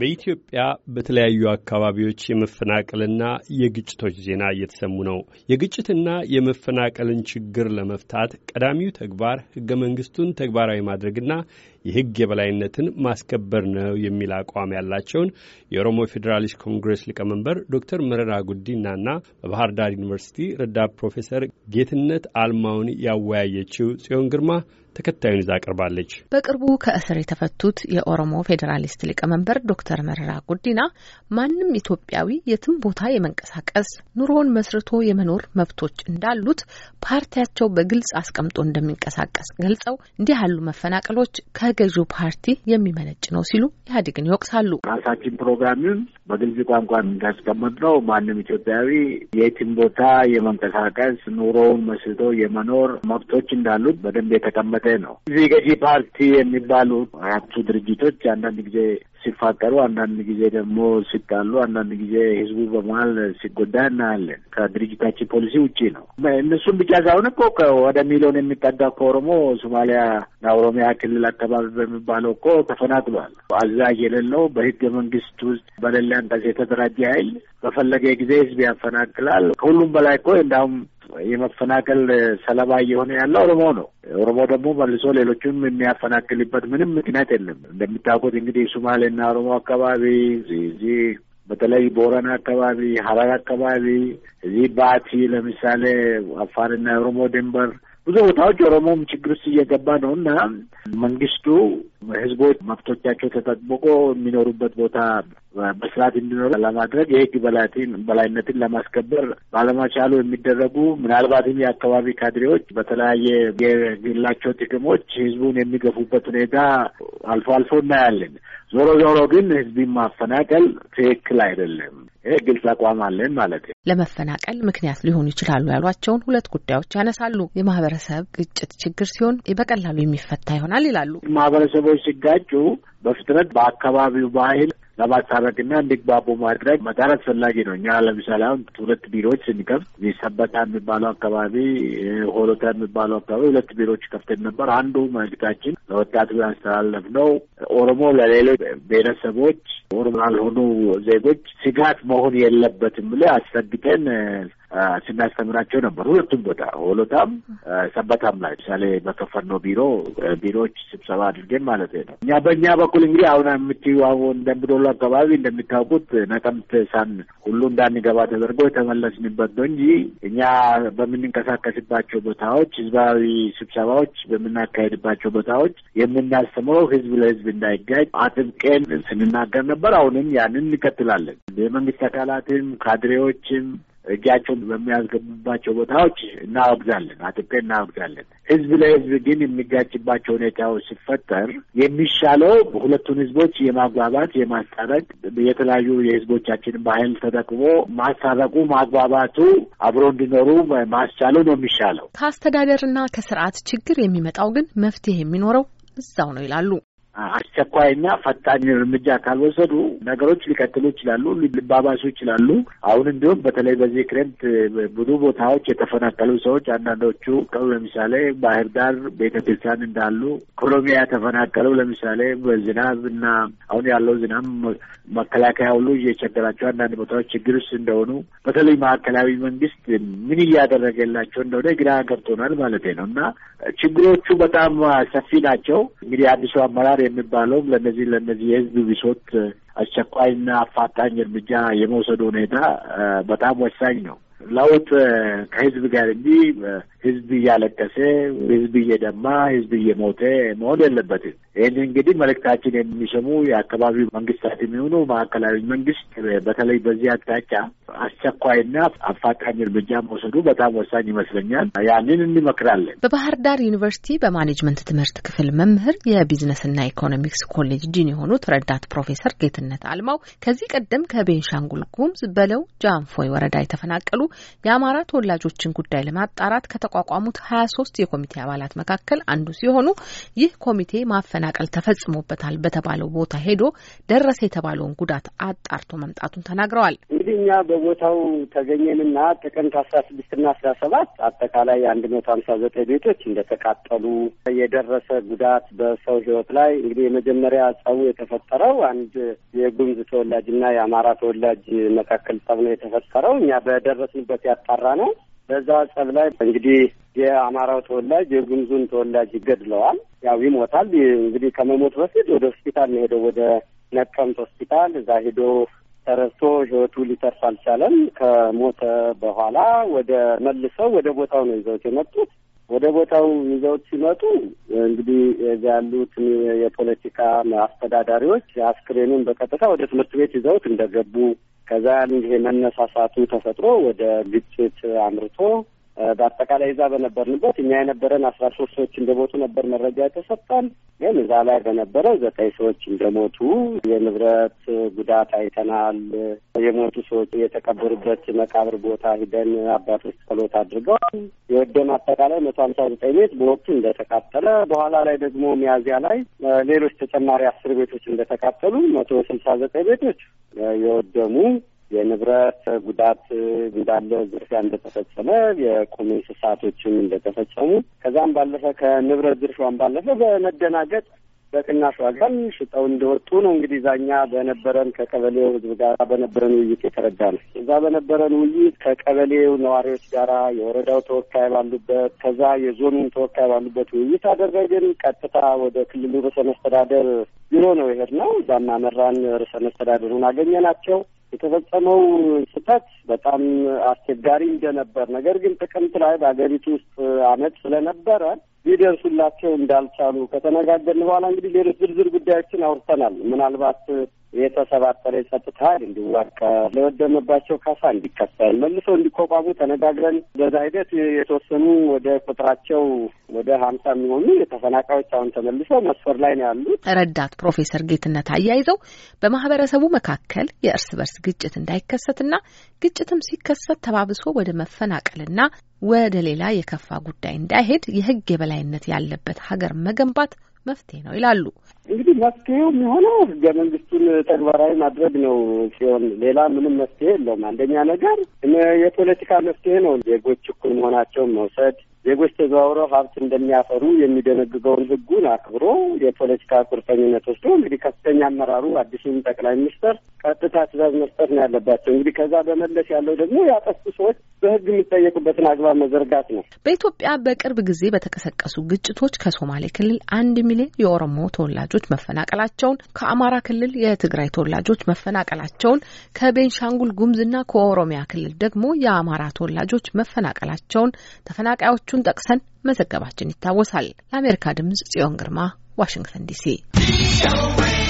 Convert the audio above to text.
በኢትዮጵያ በተለያዩ አካባቢዎች የመፈናቀልና የግጭቶች ዜና እየተሰሙ ነው። የግጭትና የመፈናቀልን ችግር ለመፍታት ቀዳሚው ተግባር ሕገ መንግሥቱን ተግባራዊ ማድረግና የሕግ የበላይነትን ማስከበር ነው የሚል አቋም ያላቸውን የኦሮሞ ፌዴራሊስት ኮንግሬስ ሊቀመንበር ዶክተር መረራ ጉዲናና በባህር ዳር ዩኒቨርሲቲ ረዳት ፕሮፌሰር ጌትነት አልማውን ያወያየችው ጽዮን ግርማ ተከታዩን ይዛ አቅርባለች። በቅርቡ ከእስር የተፈቱት የኦሮሞ ፌዴራሊስት ሊቀመንበር ዶክተር መረራ ጉዲና ማንም ኢትዮጵያዊ የትም ቦታ የመንቀሳቀስ ኑሮውን መስርቶ የመኖር መብቶች እንዳሉት ፓርቲያቸው በግልጽ አስቀምጦ እንደሚንቀሳቀስ ገልጸው እንዲህ ያሉ መፈናቀሎች ከ ከገዢው ፓርቲ የሚመነጭ ነው ሲሉ ኢህአዴግን ይወቅሳሉ። ራሳችን ፕሮግራሚን በግልጽ ቋንቋ እንዳስቀመጥ ነው ማንም ኢትዮጵያዊ የትም ቦታ የመንቀሳቀስ ኑሮውን መስቶ የመኖር መብቶች እንዳሉት በደንብ የተቀመጠ ነው። እዚህ ገዢ ፓርቲ የሚባሉ አራቱ ድርጅቶች አንዳንድ ጊዜ ሲፋቀሩ፣ አንዳንድ ጊዜ ደግሞ ሲጣሉ፣ አንዳንድ ጊዜ ህዝቡ በመሀል ሲጎዳ እናያለን። ከድርጅታችን ፖሊሲ ውጪ ነው። እነሱም ብቻ ሳይሆን እኮ ወደ ሚሊዮን የሚጠጋ ከኦሮሞ ሶማሊያና ኦሮሚያ ክልል አካባቢ በሚባለው እኮ ተፈናቅሏል። አዛዥ የሌለው በህገ መንግስት ውስጥ በሌለ አንቀጽ የተደራጀ ኃይል በፈለገ ጊዜ ህዝብ ያፈናቅላል። ከሁሉም በላይ እኮ እንዳሁም የመፈናቀል ሰለባ እየሆነ ያለ ኦሮሞ ነው። ኦሮሞ ደግሞ መልሶ ሌሎቹም የሚያፈናቅልበት ምንም ምክንያት የለም። እንደምታውቁት እንግዲህ ሱማሌና ኦሮሞ አካባቢ እዚህ በተለይ ቦረና አካባቢ፣ ሀረር አካባቢ፣ እዚህ ባቲ ለምሳሌ አፋርና ኦሮሞ ድንበር ብዙ ቦታዎች ኦሮሞም ችግር ውስጥ እየገባ ነው እና መንግስቱ ህዝቦች መብቶቻቸው ተጠብቆ የሚኖሩበት ቦታ በስርዓት እንዲኖር ለማድረግ የህግ በላይነትን ለማስከበር ባለመቻሉ የሚደረጉ ምናልባትም የአካባቢ ካድሬዎች በተለያየ የግላቸው ጥቅሞች ህዝቡን የሚገፉበት ሁኔታ አልፎ አልፎ እናያለን። ዞሮ ዞሮ ግን ህዝብን ማፈናቀል ትክክል አይደለም። ግልጽ አቋም አለን ማለት ነው። ለመፈናቀል ምክንያት ሊሆኑ ይችላሉ ያሏቸውን ሁለት ጉዳዮች ያነሳሉ። የማህበረሰብ ግጭት ችግር ሲሆን በቀላሉ የሚፈታ ይሆናል ይላሉ። ማህበረሰቦች ሲጋጩ በፍጥነት በአካባቢው ባህል ለማስታረቅና እንዲግባቡ ማድረግ መጣር አስፈላጊ ነው። እኛ ለምሳሌ አሁን ሁለት ቢሮዎች ስንከፍት ሰበታ የሚባለው አካባቢ፣ ሆሎታ የሚባለው አካባቢ ሁለት ቢሮዎች ከፍተን ነበር። አንዱ መልእክታችን ለወጣቱ ያስተላለፍ ነው። ኦሮሞ ለሌሎች ብሔረሰቦች ኦሮሞ ላልሆኑ ዜጎች ስጋት መሆን የለበትም ብለ አስረግጠን ስናስተምራቸው ነበር። ሁለቱም ቦታ ሆሎታም ሰበታም ላይ ምሳሌ በከፈኖ ቢሮ ቢሮዎች ስብሰባ አድርገን ማለት ነው። እኛ በእኛ በኩል እንግዲህ አሁን የምትዩ አሁን ደምቢዶሎ አካባቢ እንደሚታወቁት ነቀምት ሳን ሁሉ እንዳንገባ ተደርጎ የተመለስንበት ነው እንጂ እኛ በምንንቀሳቀስባቸው ቦታዎች ህዝባዊ ስብሰባዎች በምናካሄድባቸው ቦታዎች የምናስተምረው ህዝብ ለህዝብ እንዳይጋጭ አጥብቀን ስንናገር ነበር። አሁንም ያንን እንቀጥላለን። የመንግስት አካላትም ካድሬዎችም እጃቸውን በሚያስገቡባቸው ቦታዎች እናወግዛለን፣ አጥብቀን እናወግዛለን። ህዝብ ለህዝብ ግን የሚጋጭባቸው ሁኔታዎች ሲፈጠር የሚሻለው ሁለቱን ህዝቦች የማግባባት የማስታረቅ የተለያዩ የህዝቦቻችንን ባህል ተጠቅሞ ማስታረቁ ማግባባቱ አብሮ እንዲኖሩ ማስቻሉ ነው የሚሻለው። ከአስተዳደርና ከስርዓት ችግር የሚመጣው ግን መፍትሄ የሚኖረው እዛው ነው ይላሉ። አስቸኳይና ፈጣን እርምጃ ካልወሰዱ ነገሮች ሊቀጥሉ ይችላሉ፣ ሊባባሱ ይችላሉ። አሁን እንዲሁም በተለይ በዚህ ክረምት ብዙ ቦታዎች የተፈናቀሉ ሰዎች አንዳንዶቹ ለምሳሌ ባህር ዳር ቤተ ክርስቲያን እንዳሉ ኦሮሚያ የተፈናቀሉ ለምሳሌ በዝናብ እና አሁን ያለው ዝናብ መከላከያ ሁሉ እየቸገራቸው አንዳንድ ቦታዎች ችግር ውስጥ እንደሆኑ በተለይ ማዕከላዊ መንግስት ምን እያደረገላቸው እንደሆነ ግራ ገብቶናል ማለት ነው እና ችግሮቹ በጣም ሰፊ ናቸው። እንግዲህ አዲሱ አመራር የሚባለውም ለነዚህ ለነዚህ የህዝብ ብሶት አስቸኳይና አፋጣኝ እርምጃ የመውሰድ ሁኔታ በጣም ወሳኝ ነው። ለውጥ ከህዝብ ጋር እንጂ ህዝብ እያለቀሰ ህዝብ እየደማ ህዝብ እየሞተ መሆን የለበትም። ይህን እንግዲህ መልእክታችን የሚሰሙ የአካባቢው መንግስታት የሚሆኑ ማዕከላዊ መንግስት በተለይ በዚህ አቅጣጫ አስቸኳይና አፋጣኝ እርምጃ መውሰዱ በጣም ወሳኝ ይመስለኛል። ያንን እንመክራለን። በባህር ዳር ዩኒቨርሲቲ በማኔጅመንት ትምህርት ክፍል መምህር የቢዝነስና ኢኮኖሚክስ ኮሌጅ ዲን የሆኑት ረዳት ፕሮፌሰር ጌትነት አልማው ከዚህ ቀደም ከቤንሻንጉል ጉምዝ በለው ጃንፎይ ወረዳ የተፈናቀሉ የአማራ ተወላጆችን ጉዳይ ለማጣራት ከተቋቋሙት ሀያ ሶስት የኮሚቴ አባላት መካከል አንዱ ሲሆኑ ይህ ኮሚቴ ማፈናቀል ተፈጽሞበታል በተባለው ቦታ ሄዶ ደረሰ የተባለውን ጉዳት አጣርቶ መምጣቱን ተናግረዋል። እንግዲህ እኛ በቦታው ተገኘንና ጥቅምት አስራ ስድስትና አስራ ሰባት አጠቃላይ አንድ መቶ ሀምሳ ዘጠኝ ቤቶች እንደተቃጠሉ የደረሰ ጉዳት በሰው ህይወት ላይ እንግዲህ የመጀመሪያ ጸቡ የተፈጠረው አንድ የጉምዝ ተወላጅና የአማራ ተወላጅ መካከል ጸብ ነው የተፈጠረው። እኛ በደረስንበት ያጣራ ነው። በዛ ጸብ ላይ እንግዲህ የአማራው ተወላጅ የጉምዙን ተወላጅ ይገድለዋል። ያው ይሞታል። እንግዲህ ከመሞት በፊት ወደ ሆስፒታል ነው ሄደው ወደ ነቀምት ሆስፒታል እዛ ሄዶ ተረስቶ ህይወቱ ሊተርፍ አልቻለም። ከሞተ በኋላ ወደ መልሰው ወደ ቦታው ነው ይዘውት የመጡት። ወደ ቦታው ይዘውት ሲመጡ እንግዲህ እዚያ ያሉት የፖለቲካ አስተዳዳሪዎች አስክሬኑን በቀጥታ ወደ ትምህርት ቤት ይዘውት እንደገቡ ከዛ ይሄ መነሳሳቱ ተፈጥሮ ወደ ግጭት አምርቶ በአጠቃላይ እዛ በነበርንበት እኛ የነበረን አስራ ሶስት ሰዎች እንደሞቱ ነበር መረጃ የተሰጠን። ግን እዛ ላይ በነበረ ዘጠኝ ሰዎች እንደሞቱ የንብረት ጉዳት አይተናል። የሞቱ ሰዎች የተቀበሩበት መቃብር ቦታ ሂደን አባቶች ጸሎት አድርገዋል። የወደም አጠቃላይ መቶ ሀምሳ ዘጠኝ ቤት በወቅቱ እንደተቃጠለ፣ በኋላ ላይ ደግሞ ሚያዝያ ላይ ሌሎች ተጨማሪ አስር ቤቶች እንደተቃጠሉ መቶ ስልሳ ዘጠኝ ቤቶች የወደሙ የንብረት ጉዳት እንዳለ፣ ዝርፊያ እንደተፈጸመ፣ የቁም እንስሳቶችም እንደተፈጸሙ ከዛም ባለፈ ከንብረት ዝርፊያን ባለፈ በመደናገጥ በቅናሽ ዋጋም ሽጠው እንደወጡ ነው። እንግዲህ ዛኛ በነበረን ከቀበሌው ሕዝብ ጋር በነበረን ውይይት የተረዳ ነው። እዛ በነበረን ውይይት ከቀበሌው ነዋሪዎች ጋራ የወረዳው ተወካይ ባሉበት፣ ከዛ የዞኑን ተወካይ ባሉበት ውይይት አደረግን። ቀጥታ ወደ ክልሉ ርዕሰ መስተዳደር ቢሮ ነው ይሄድ ነው። እዛም ርዕሰ መስተዳደሩን አገኘናቸው። የተፈጸመው ስህተት በጣም አስቸጋሪ እንደነበር፣ ነገር ግን ጥቅምት ላይ በሀገሪቱ ውስጥ አመት ስለነበረ ሊደርሱላቸው እንዳልቻሉ ከተነጋገርን በኋላ እንግዲህ ሌሎች ዝርዝር ጉዳዮችን አውርተናል። ምናልባት የተሰባበረ የጸጥታ ኃይል እንዲዋቀር፣ ለወደመባቸው ካሳ እንዲከፈል፣ መልሶ እንዲቋቋሙ ተነጋግረን በዛ ሂደት የተወሰኑ ወደ ቁጥራቸው ወደ ሀምሳ የሚሆኑ የተፈናቃዮች አሁን ተመልሰው መስፈር ላይ ነው ያሉት። ረዳት ፕሮፌሰር ጌትነት አያይዘው በማህበረሰቡ መካከል የእርስ በርስ ግጭት እንዳይከሰትና ግጭትም ሲከሰት ተባብሶ ወደ መፈናቀልና ወደ ሌላ የከፋ ጉዳይ እንዳይሄድ የህግ የበላይነት ያለበት ሀገር መገንባት መፍትሄ ነው ይላሉ። እንግዲህ መፍትሄው የሚሆነው ህገ መንግስቱን ተግባራዊ ማድረግ ነው ሲሆን ሌላ ምንም መፍትሄ የለውም። አንደኛ ነገር የፖለቲካ መፍትሄ ነው። ዜጎች እኩል መሆናቸውን መውሰድ ዜጎች ተዘዋውረው ሀብት እንደሚያፈሩ የሚደነግገውን ህጉን አክብሮ የፖለቲካ ቁርጠኝነት ወስዶ እንግዲህ ከፍተኛ አመራሩ አዲሱን ጠቅላይ ሚኒስተር ቀጥታ ትእዛዝ መስጠት ነው ያለባቸው። እንግዲህ ከዛ በመለስ ያለው ደግሞ ያጠፉ ሰዎች በህግ የሚጠየቁበትን አግባብ መዘርጋት ነው። በኢትዮጵያ በቅርብ ጊዜ በተቀሰቀሱ ግጭቶች ከሶማሌ ክልል አንድ ሚሊዮን የኦሮሞ ተወላጆች መፈናቀላቸውን፣ ከአማራ ክልል የትግራይ ተወላጆች መፈናቀላቸውን፣ ከቤንሻንጉል ጉምዝና ከኦሮሚያ ክልል ደግሞ የአማራ ተወላጆች መፈናቀላቸውን ተፈናቃዮቹ መሆናቸውን ጠቅሰን መዘገባችን ይታወሳል። ለአሜሪካ ድምጽ ጽዮን ግርማ ዋሽንግተን ዲሲ